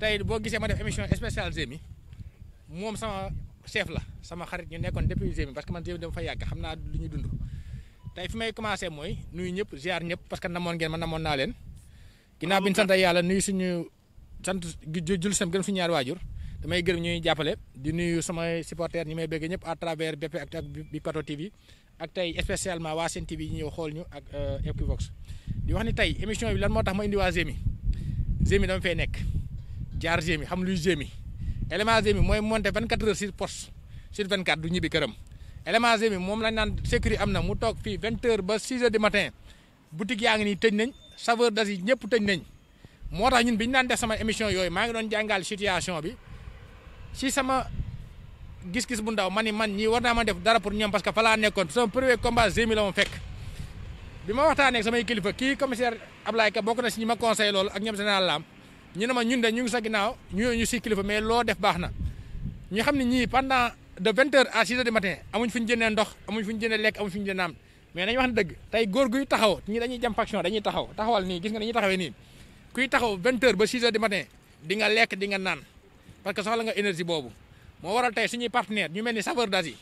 tey boo gisee ma def émission spéciale Gémy moom sama chef la sama xarit ñu nekkoon depuis Gémy parce que man Gémy dama fa yàgg xam naa lu ñuy dund tey fi may commencé mooy nuyu ñëpp ziar ñëpp parce que namoon ngeen ma namoon naa leen. sant yàlla nuyu suñu sant jul sam gën suñu ñaari waajur damay gërëm ñuy jàppale di nuyu samay supporters ñi may bëgg ñëpp à travers BP ak ak bi Pato TV ak tey spécialement waa Sen TV yi ñëw xool ñu ak euh, Equivox di wax ni tey émission bi lan moo tax ma indi waa Gémy Gémy dama nekk. jaar gémi xam luy gémi élément gémi mooy monter 24 heures sur poste sur 24 du moom lañ naan sécurité am na mu toog fii 20 heures ba 6 heures du matin boutique yaa ngi nañ saveur d'Asie yi ñëpp tëj nañ moo tax ñun bi ñu daan def sama émission yooyu maa ngi doon jàngal situation bi si sama gis-gis bu ndaw ma ni man ñi war naa ma def dara pour ñoom parce que fa laa nekkoon sama premier combat gémi la ma fekk bi ma waxtaanee ak samay kilifa kii commissaire Ablaye Ka si ñi ma conseillé loolu ak ñoom général Lam ñu ne ma ñun de ñu ngi sa ginnaaw ñu ñu si kilifa mais loo def baax na ñu xam ne ñii pendant de vingt heures à six heures matin amuñ fu ñu jëndee ndox amuñ fu ñu jëndee lekk amuñ fu ñu jëndee naam mais nañu wax ne dëgg tey góor guy taxaw ñi dañuy jam faction dañuy taxaw taxawal nii gis nga dañuy taxawee nii kuy taxaw vingt heures ba six heures du matin di lekk di nga naan parce que soxla nga énergie boobu moo waral tey suñuy partenaire ñu mel ni Saveurs d'Asie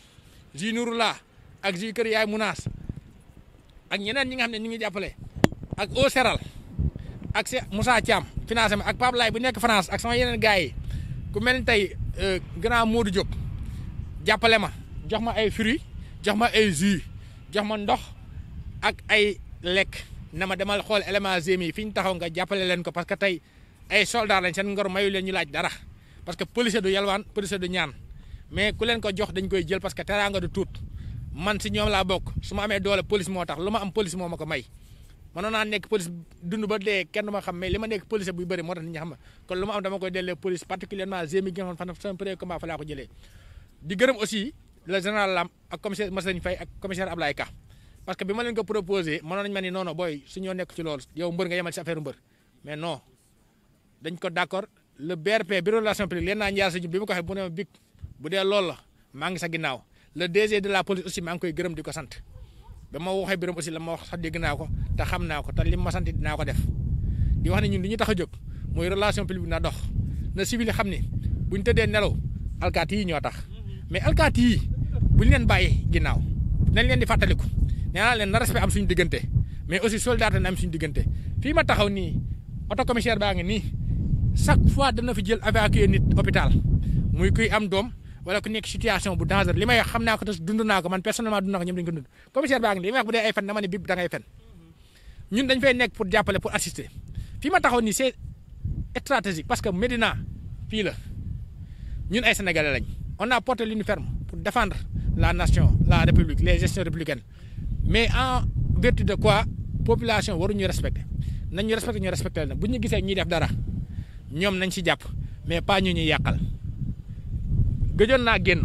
Jus Nouroullah ak Jus Kër Yaay Mounass ak ñeneen ñi nga xam ne ñu ngi jàppale ak eau séral ak se Moussa Thiam financé ma ak Pape Laye bu nekk France ak sama yeneen gars yi ku mel ni tey euh, grand Modou Diop jàppale ma jox ma ay fruits jox ma ay jus jox ma ndox ak ay lekk na ma a xool élément gémi fi ñu taxaw nga jàppale leen ko parce que tey ay soldats lañ seen ngor mayu leen ñu laaj dara parce que policier du yalwaan policier du ñaan mais ku leen ko jox dañ koy jël parce que teraanga du tuut man si ñoom laa bokk su ma amee doole police moo tax lu ma am police moo ma ko may. mënoon naa nekk police dund ba dee kenn ma xam mais li ma nekk police buy bëri moo tax nit ñi xam ma kon lu ma am dama koy dellee police particulièrement ko jëlee di gërëm aussi le général Lam ak commissaire Massane Faye ak bi ma leen ko naa njaar bu dee loolu la maa ngi sa ginnaaw le DG de la police aussi maa ngi koy gërëm di ko sant ba ma waxee biram aussi la ma wax sax dégg naa ko te xam naa ko te li ma sant naa ko def di wax ne ñun di ñu tax a jóg mooy relation publique na dox na civil yi xam ne bu ñu tëddee nelaw alkaati yi ñoo tax mais alkaati yi bu ñu leen bàyyi ginnaaw nañ leen di fàttaliku nee naa leen na respect am suñ diggante mais aussi soldat na am suñu diggante fii ma taxaw nii oto commissaire baa ngi nii chaque fois dana fi jël évacuer nit hôpital muy kuy am doom. wala ku nekk situation bu dangereux li may wax xam naa ko te dund naa ko man personnellement dund naa ko ñoom dañu ko dund commissaire baa ngi li may wax bu dee ay fen dama ne bib da ngay fen ñun dañ fay nekk pour jàppale pour assister fii ma taxaw nii c'est stratégique parce que Médina fii la ñun ay sénégalais lañ on a porté l'uniforme pour défendre la nation la république les gestions républicaines mais en vertu de quoi population waruñu respecté nañ ñu respecté ñu respecté leen bu ñu gisee ñuy def dara ñoom nañ ci jàpp mais pas ñu ñuy yàqal. gëjoon naa génn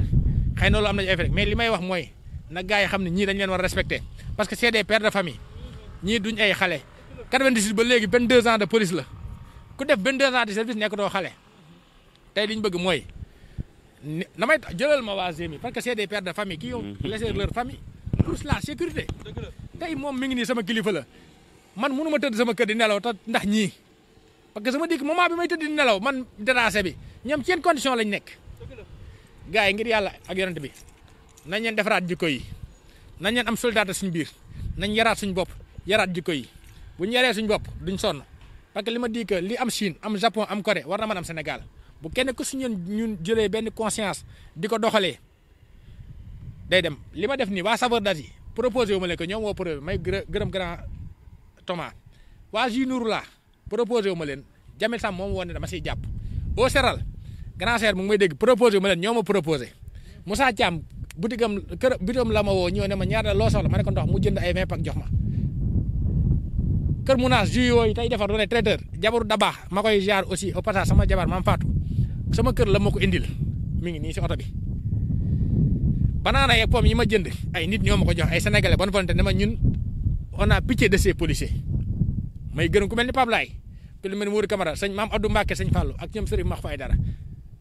xëy na loolu am na effet mais li may wax mooy na gars yi xam ne ñii dañ leen war a parce que c'est des pères de famille ñii duñ ay xale 98 ba léegi 22 ans de police la ku def 22 de service nekk doo xale tey li ñu bëgg mooy na damay jëlal ma waa GMI parce que c'est des pères de famille qui ont mhm. laissé leur famille pour la sécurité tey moom mi ngi nii sama kilifa la man mënu ma tëdd sama kër di nelaw ta ndax ñii parce que sama dikk moment bi may nelaw man déranger bi ñoom ci yenn condition lañ nekk. gars yi ngir yàlla ak bi nañ leen defaraat jikko yi nañ leen am soldat suñ biir nañ yaraat suñ bopp yaraat jikko yi bu ñu yaree suñ bopp duñ sonn parce que li ma di li am Chine am Japon am Corée war na mën am Sénégal bu kenn ku suñu ñun jëlee benn conscience di ko doxalee day dem li ma def nii waa Saveur dasi yi proposé wu ma leen ko ñoom woo proposé may gërëm grand Thomas waa Jinourou laa proposé wu ma leen Jamil Sam moom woon ne dama siy jàpp au séral grand cher mu ngi may dégg proposé ma leen ñoo ma proposé Moussa Thiam boutique am kër bitam la ma woo ñëw ne ma ñaata loo soxla ma ne ko ndox mu jënd ay 20 pack jox ma kër Mounaas jus yooyu tey defar doone ma koy jaar aussi au sama jabar maam Fatou sama kër la ma ko indil mi ngi nii si bi banaana yeeg pomme yi ma jënd ay nit ñoo ma ko jox ay sénégalais bonne volonté ne ma ñun on a pitié de ces policiers may gërëm ku mel ni Pape Laye ku mel ni Mourou Camara sëñ maam Abdou Mbacke sëñ Fallou ak ñoom dara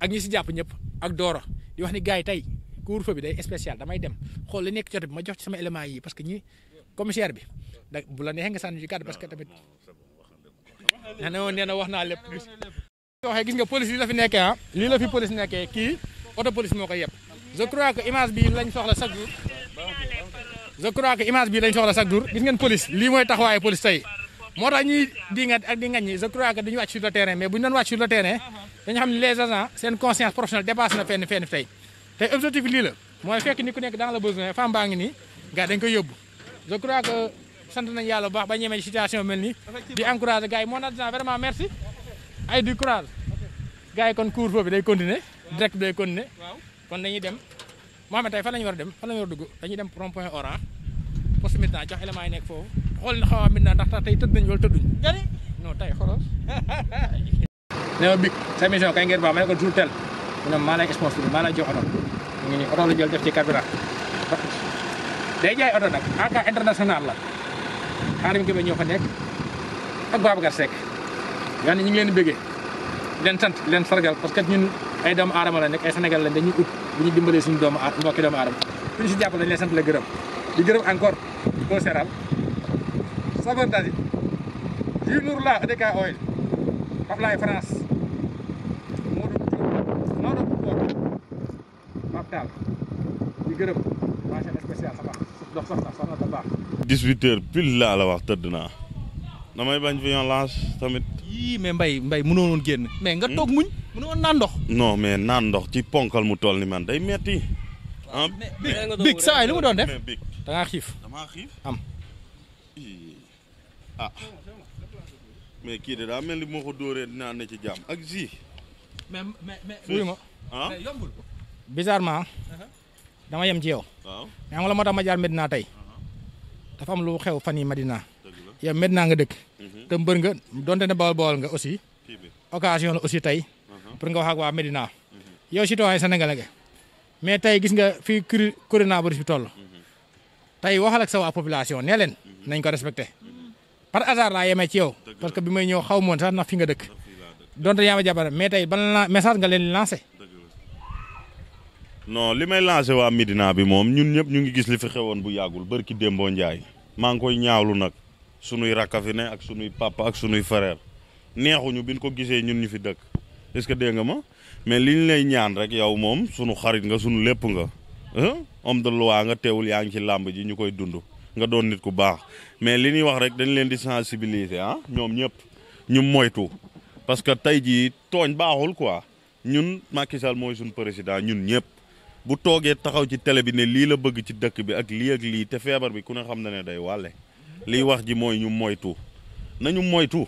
ak ñi si jàpp ñëpp ak Doro di wax ni gars yi tey couvre-feu bi day spécial damay dem xool li nekk jot bi ma jox ci sama élément yi parce que ñi commissaire bi da bu la neexee nga sànni ci na wax naa lépp gis waxee gis nga police lii la fi nekkee ah lii la fi police nekkee kii auto police moo ko yëpp je bi lañ soxla chaque lii mooy taxawaayu police tey moo tax ñuy di nga ak di nga ñi je crois que dañu wàcc sur le terrain mais bu ñu doon wàcc sur le terrain dañu xam ne les agents seen conscience professionnelle dépasse na fenn fenn tey tey objectif lii la mooy fekk ni ku nekk dans le besoin femme baa ngi nii gars dañ koy yóbbu je crois que sant nañu yàlla bu baax ba ñemee situation mel nii di encouragé gars yi mon adjoint vraiment merci ay du courage gars yi kon couvre-feu bi day continuer direct bi day continuer kon dañuy dem Mohamed tey fan la ñu war a dem fan la ñu war a dugg dañuy dem rond-point Orange poste militant jox éléments yi nekk foofu xool na xaw a mit naa ndax tey tëdd nañ wala tëdduñ non tey xolos ne ma big sa maa lay sponsor maa lay jox oto mu ngi nii oto la jël def ci carburant day jaay oto nag en cas la xaarim gi ba ñoo fa nekk ak Babacar Seck yaa ñu ngi leen di bëggee leen sant leen sargal parce que ñun ay doomu aadama la nekk ay Sénégal lañ dañuy ut bu ñu dimbalee suñu doomu mbokki doomu aadama bu ñu si jàpp lañ leen sant la gërëm di gërëm encore koo seeral Sabontadi, Yunurla Adeka Oil, laa la wax tëdd naa damay bañ violence tamit mais mbay mbay mënoonoon génn mais nga toog muñ mënoon naan ndox non mais naan ndox ci ponkal mu toll ni man day metti big big lu mu doon def da xiif am ah kii de daa mel ni moo ko dóoree dinaa ne ci jàmm ak ji. mais mais ma ah. uh-huh. dama yem ci yow. waaw mais xam la moo tax ma jaar tey uh-huh. dafa am lu xew fan yi Medina. yow Medina nga dëkk. te uh-huh. mbër nga donte ne bawal bawal nga aussi. occasion la aussi tey. pour nga wax waa Medina. yow citoyen sénégalais nga mais tey gis nga fii coronavirus bi toll. tey waxal sa waa population nee leen. nañ ko respecté. par hasard laa yemee ci yow parce que bi may ñëw xaw moon sax ndax fi nga dëkk donte yaa ma jàppale mais tey ban la message nga leen lancé. no li may lancé waa Medina bi moom ñun ñëpp ñu ngi gis li fi xewoon bu yàggul ki Dembo Ndiaye maa ngi koy ñaawlu nag sunuy rakka ak sunuy papa ak sunuy frère neexuñu bi ñu ko gisee ñun ñu fi dëkk est-ce que dégg nga ma mais li ñu lay ñaan rek yow moom sunu xarit nga sunu lépp nga homme de loi nga teewul yaa ngi ci làmb ji ñu koy dund. nga doon nit ku baax mais li ñuy wax rek dañ leen di sensibiliser ah ñoom ñëpp ñu moytu parce que tey jii tooñ baaxul quoi ñun Macky Sall mooy suñu président ñun ñëpp bu toogee taxaw ci télé bi ne lii la bëgg ci dëkk bi ak lii ak lii te feebar bi ku ne xam na ne day wàlle liy wax ji mooy ñu moytu nañu moytu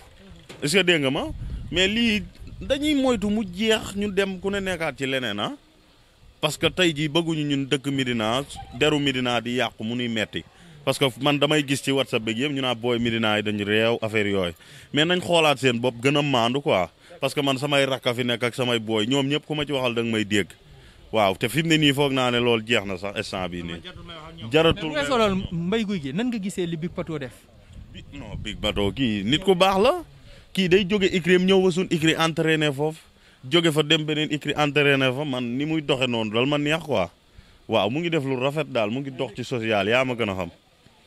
est-ce nga ma mais lii dañuy moytu mu jeex ñu dem ku ne nekkaat ci leneen ah parce que tey jii bëgguñu ñun dëkk Medina deru Medina di yàqu mu nuy metti parce que man damay gis ci whatsapp beeg yëpp ñu naa booy Médina yi dañu réew affaire yooyu mais nañ xoolaat seen bopp gën a maandu quoi parce que man samay rakka fi nekk ak samay booy ñoom ñëpp ku ma ci waxal da nga may dégg waaw te fi mu ne nii foog naa ne loolu jeex na sax instant bi nii. jaratul mais mbay guy gi nan nga gisee li Big Pato def. non Big Pato nit ku baax la kii day jóge ICRIM ñëw ba suñu ICRI entraîné foofu jóge fa dem beneen ICRI entraîné fa man ni muy doxe noonu dal ma neex quoi waaw mu ngi def lu rafet daal mu ngi dox ci social yaa ma gën a xam.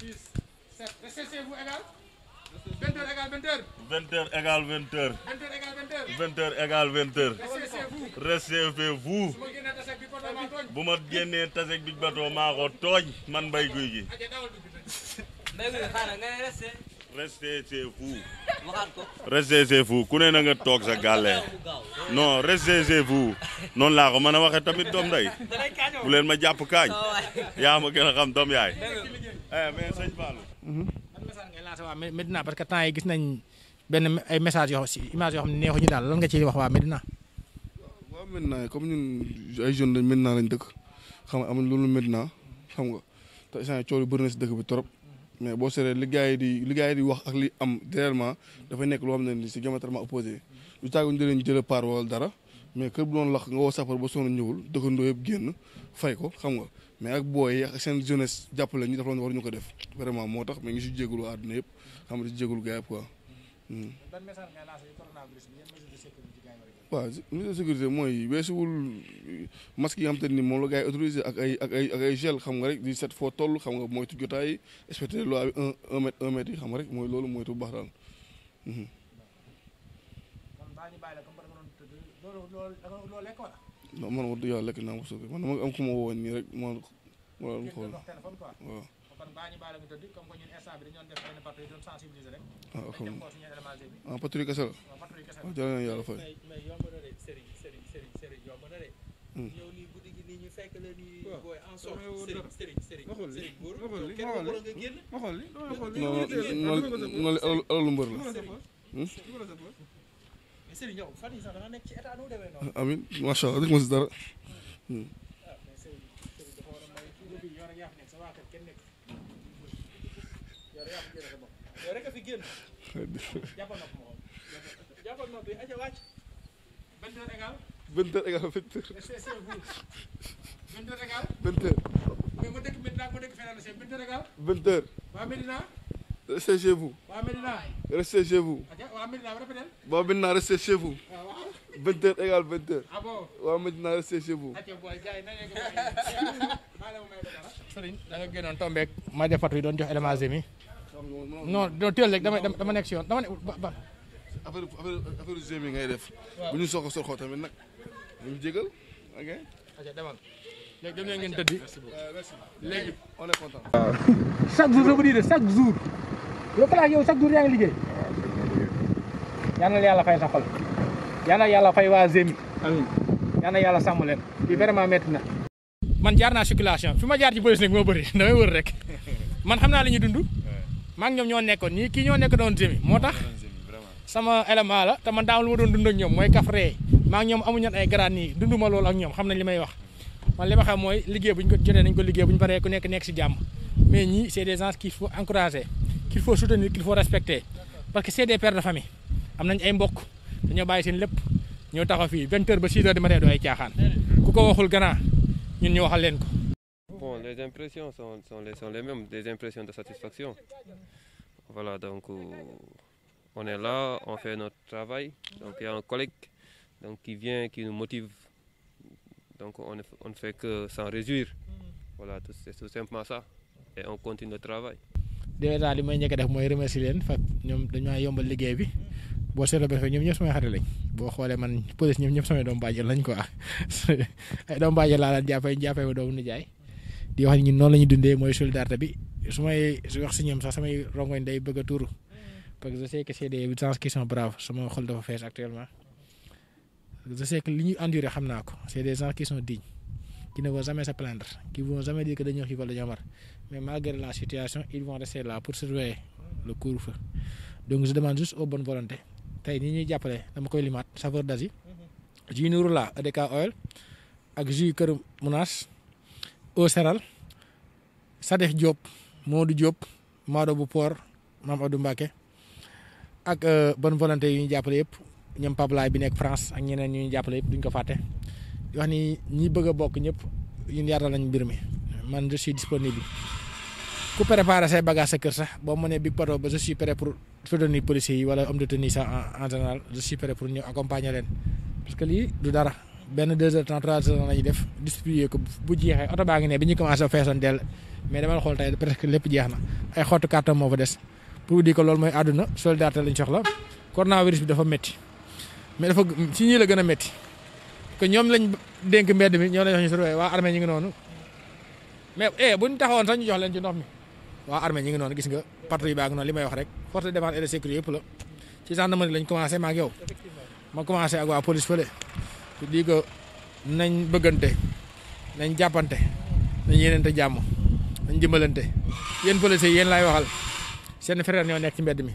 6, 7. Restez chez vous égal. 20h bu ma génnee tasek bi bato maa ko tooñ man mbay guy gi. restez vous ku ne na nga toog sa gàllee non restez vous noonu laa ko mën a waxee tamit doom day bu leen ma jàpp kaañ yaa ma gën a xam doom yaay. Eh, mais sëñ Fallou. ban mhm. Medina parce que temps yi gis nañ benn ay message yoo si image yoo xam neexuñu daal lan nga ciy wax waa Medina. waaw Medina comme ñun ay jeunes lañ Medina lañ dëkk xam nga amuñ loolu Medina xam nga te instant yii dëkk bi trop. mais boo seetlee li gars yi di li gars yi di wax ak li am réellement dafay nekk loo xam ne ni si diamétralement opposé lu tàgguñ dinañ jël part wala dara mais kër bu doon lax nga woo sapeur ba sonn ñëwul dëkkandoo yëpp génn fay ko xam nga mais ak booy seen jeunesse jàppale ñu dafa war ñu ko def vraiment moo tax mais ngi si jégalu àdduna yëpp xam nga si jégalu gars yi quoi. Hmm. waaw mesure de sécurité mooy weesuwul masque yi nga ni moom la gars yi autorisé ak ay ak ay gel xam nga rek di set foo toll xam nga moytu jotaay respecté loi bi un un mètre un yi xam nga rek mooy loolu moytu bu baax daal. Mhm. non man wax dëgg lekk naa ko soobee man dama am ku ma woo nii rek moo ma xool kon baa ñu baal a tëdd comme que ñun instant bi dañu def benn patrouille doon sensibiliser rek. waaw xam nga ah patrouille kese la. waaw patrouille kese la waaw ah, jërë ngeen yàlla fay. mais mais yomb na de Serigne Serigne Serigne Serigne yomb na de. ñëw hmm. nii guddi gi nii ñu fekk la nii. booy en sorte Serigne Serigne Serigne. waxul li waxul li waxul li waxul li waxul li waxul li hmm? waxul yow rek a fi génn jàppal nopp ma xool jàppal nopp bi aja wàcc vingt heures égal vingt heures égal vingt heures vingt heures égal vingt heures mais ma dëkk Medina ma dëkk feneen c'est vingt heures égal vingt heures waa Medina restez chez vous waa Medina restez chez vous waa Medina répétez waa Medina restez chez vous vingt heures égal vingt heures ah bon waa Medina restez chez vous sëriñ da nga génnoon tombeek ma jafatu yi doon jox éléments yi non non teel rek dama dama nekk si yoon dama ne ba affaire affaire GMI ngay def. bu ñu soog a sorxoo tamit nag. ñu jégal ok. léegi dem ngeen tëddi. léegi on est content. chaque jour dama dire chaque jour. yow balaa yow chaque jour yaa ngi liggéey. yal na yàlla fay sa xol. yal na yàlla fay waa GMI. amiin yal na yàlla sàmm leen. bi vraiment métti na. man jaar naa circulation fi ma jaar ci police nag moo bëri damay wër rek man xam naa li ñu dund. maa ñoom ñoo nekkoon ñii kii ñoo nekk doon jëmi moo tax sama élément la te man daaw lu ma doon dund ñoom mooy kafre maa ñoom amuñu ay garaat nii dunduma loolu ak ñoom xam nañ li may wax man li ma xam mooy liggéey bu ñu ko jotee nañ ko liggéey bu ñu paree ku nekk nekk si jàmm mais ñii c'est des gens qu'il faut encourager qu'il faut soutenir qu'il faut respecter parce que c'est des pères de famille am nañ ay mbokk dañoo bàyyi seen lépp ñoo taxaw fii vingt heures ba six heures du matin du ay caaxaan ku ko waxul gannaaw ñun ñu leen ko les impressions sont, sont, les, sont, les, mêmes, des impressions de satisfaction. Voilà, donc euh, on est là, on fait notre travail. Donc il y a un collègue donc, qui vient, qui nous motive. Donc on, on ne fait que s'en réjouir. Voilà, c'est tout simplement ça. Et on continue le travail. déjà li may njëkk def mooy remercier leen fa ñoom dañoo yombal liggéey bi boo seetloo ba ñoom ñëpp samay xarit lañ boo xoolee man police ñoom ñëpp samay doomu bàjjen lañ quoi ay doomu bàjjen laa daan jàppee jàppee ba doomu nijaay di wax ñun noonu la ñuy dundee mooy solidarité bi su may wax si ñoom sax samay rongoñ day bëgg a tuuru parce que je sais que c'est des gens qui xol dafa fees actuellement je sais que li ñuy enduré xam naa ko c'est des se plaindre qui vont jamais dire que dañoo xiif wala dañoo mar mais malgré la situation ils vont rester là pour surveiller le couvre-feu ni ñuy jàppale dama koy limaat Saveurs d'Asie mhm. jus Nouroula EDK Oil ak jus Kër Mounas au séral Sadef Diop Modou Diop Maodo bu Port Maam Abdou Mbacke ak euh, bonne volonté yu ñu jàppale yëpp ñoom Pablaay bi nekk France ak ñeneen ñu ñu jàppale yëpp duñ ko fàtte di wax ni ñi bëgg a bokk ñëpp ñun yaatal nañ mbir mi man je suis disponible ku préparé say bagage sa kër sax boo mënee Big Pato ba je suis prêt pour soutenir policiers yi wala homme de tenue sax en général je suis prêt pour ñu accompagner leen parce que lii du dara. benn deux heures temps trois heures la ñuy def distribuer ko bu jeexee oto baa ngi ne bi ñu commencé feesoon dell mais dama la xool tey presque lépp jeex na ay xottu carton moo lañ soxla coronavirus a métti que eh, ma yow ma commencé ak waa police fële te di ko nañ bëggante nañ jàppante nañ yéeneente jàmm nañ jëmbalante yéen policiers yéen laay waxal seen frère ñoo nekk ci mbedd mi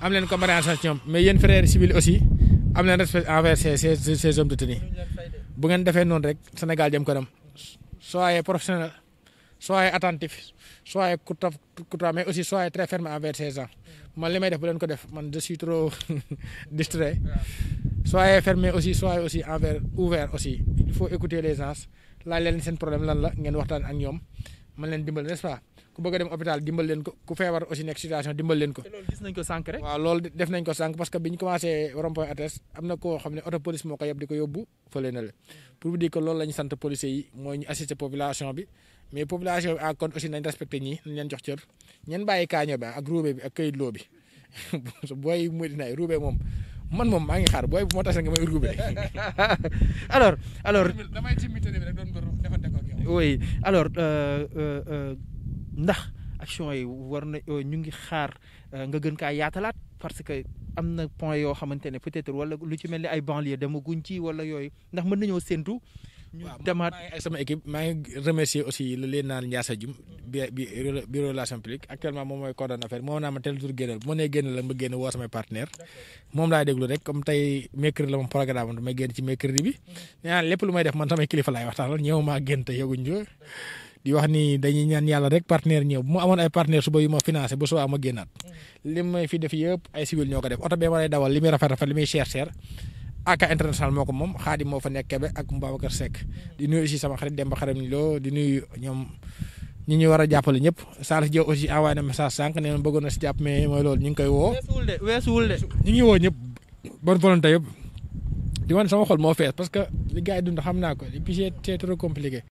am leen compréhension ci ñoom mais yéen frères civils aussi am leen respect de tenue bu ngeen defee noonu rek Sénégal jëm kanam soyez professionnel soyez attentif soyez courtois courtois mais aussi soyez très ferme envers ces def bu leen ko def man je suis trop distrait soyez fermé aussi soyez aussi envers ouvert aussi il faut écouter les gens laaj leen seen problème lan la ngeen waxtaan ak ñoom mën leen dimbal n'est-ce pas ku bëgg a dem hôpital dimbal leen ko ku feebar aussi nekk situation dimbal leen ko. te loolu gis nañ ko sànq rek. waaw loolu def nañ ko sànq parce que bi ñu commencé rond-point Ates am na koo xam ne auto moo ko yeb di ko yóbbu fële na la pour vous dire que loolu sant policiers yi mooy ñu assister population bi mais population en compte aussi moom. man moom maa ngi xaar booy bu moo tase nga may urgube alors alors damay ci mité bi rek doon bëru defante ko ak yow oui alors euh, euh, euh, ndax action yi war na ñu ngi xaar nga gën kaa yaatalaat parce que am na point yoo xamante ne peut-être wala lu ci mel ni ay banlieue demaguñ ci wala yooyu ndax mën nañoo séntu ñu demaat ay sama équipe maa ngi remercier aussi le leen naan Ndiassa Dioum bi bi bi relation publique actuellement moom mooy cordon affaire moom naa ma tel jour génnal bu ma nee génn la ma génn mm-hmm. man samay kilifa laay waxtaanal ñëw maa génn te yëguñ jo di wax ni dañuy ñaan yàlla rek partenaire ñëw bu amoon ay partenaire suba yu ma financé ba suba ma génnaat mm-hmm. li may fi def yëpp ay civil ñoo ko def oto bee ma lay dawal li muy rafet rafet li muy cher AK international moo ko moom xaadim moo fa nekk Kébé ak Mbabacar Seck di nuyu aussi sama xarit Demba Xaram Lo di nuyu ñoom ñu ñu war a jàppale ñëpp Salif Diop aussi envoyé na message sànq nee na bëggoon na si jàpp mais mooy loolu ñu ngi koy woo. weesuwul de weesuwul de. ñu ngi woo ñëpp bonne volonté yëpp di wan sama xol moo fees parce que li gars yi dund xam naa ko et puis c'est compliqué.